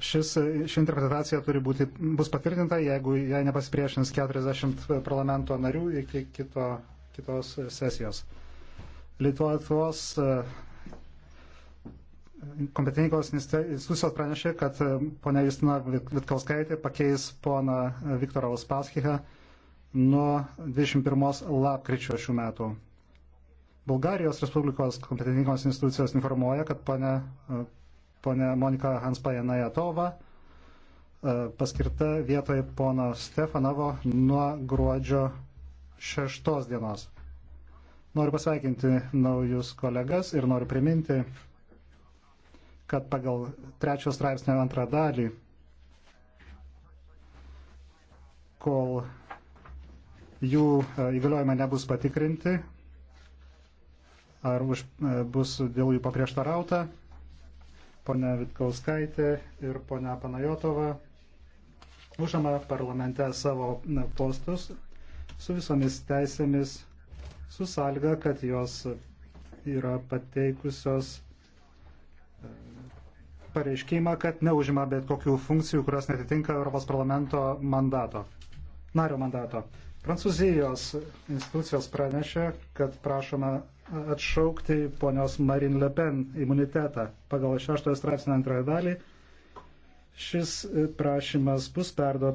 Šis, ši interpretacija turi būti, bus patvirtinta, jeigu jai nepasipriešins 40 parlamento narių iki kito, kitos sesijos. Lietuvos e, kompetentingos institucijos pranešė, kad e, ponia Justina Vitkalskaitė pakeis poną e, Viktorą Uspaskichą nuo 21 lapkričio šių metų. Bulgarijos Respublikos kompetentingos institucijos informuoja, kad ponia ponia Monika Hanspajanajatova e, paskirta vietoje pono Stefanovo nuo gruodžio 6 dienos. Noriu pasveikinti naujus kolegas ir noriu priminti, kad pagal trečio straipsnio antrą dalį, kol jų e, įgaliojimai nebus patikrinti, ar už, e, bus dėl jų paprieštarauta, ponia Vitkauskaitė ir ponia Panajotova užima parlamente savo postus su visomis teisėmis, su salga, kad jos yra pateikusios e, pareiškimą, kad neužima bet kokių funkcijų, kurios netitinka Europos parlamento mandato, nario mandato. Prancūzijos institucijos pranešė, kad prašoma atšaukti ponios Marine Le Pen imunitetą pagal 6 straipsnio antrąją dalį. Šis prašymas bus perduotas.